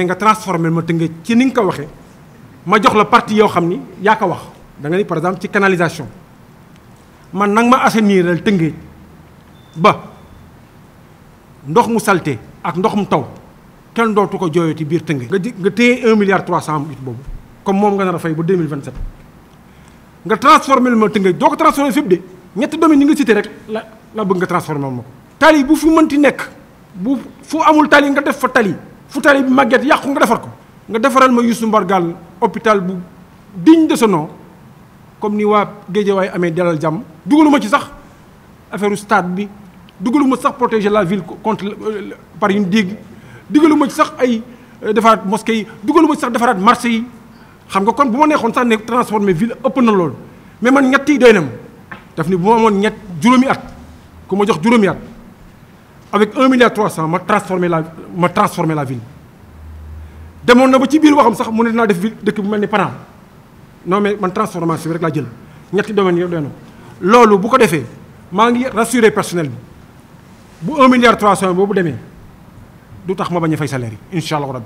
nga transformer ma tënge ci ni nga ko waxee ma jox la partie yoo xam ni yaa wax da nga ni par exemple ci canalisation man nag ma assaniral tëngeej ba ndox mu salté ak ndox mu taw kenn dootu ko jooyati biir tëngeej nga nga téye un milliard trois cent it boobu comme moom nga nar a fay ba deux mille vingt sept nga transformé ma tëngeej doo ko transformé fépp de ñetti domaine nga cité rek la la bëgg nga transformé ma tali bu fi mënti nekk bu fu amul tali nga def fa tali Futari tali bi màgget yàqu nga defar ko nga defaral ma yusuf Mbargal hôpital bu digne de ce nom comme ni waa way amé dalal jam duguluma ci sax affaireu stade bi duguluma sax protéger la ville contre euh, par une digue duguluma ci sax ay euh, defaraat mosquée duguluma ci sax defarat marché yi xam nga kon buma nekhon sax ne transformer ville ëpp na lool mais man ñetti doynam daf ni buma ñet at kuma jox at avec 1 milliard 300 ma transformé la ma transformé la ville demoon na ba ci bir waxam sax mu ne def ville dëkk bu melni ni non mais man transformation c'est rek la jël ñetti domaine yëpp doy lolu bu ko defé ma ngi rassurer personnel bi bu 1 milliard 300 boobu démé du tax ma bañ fay salaire inshallah rabbi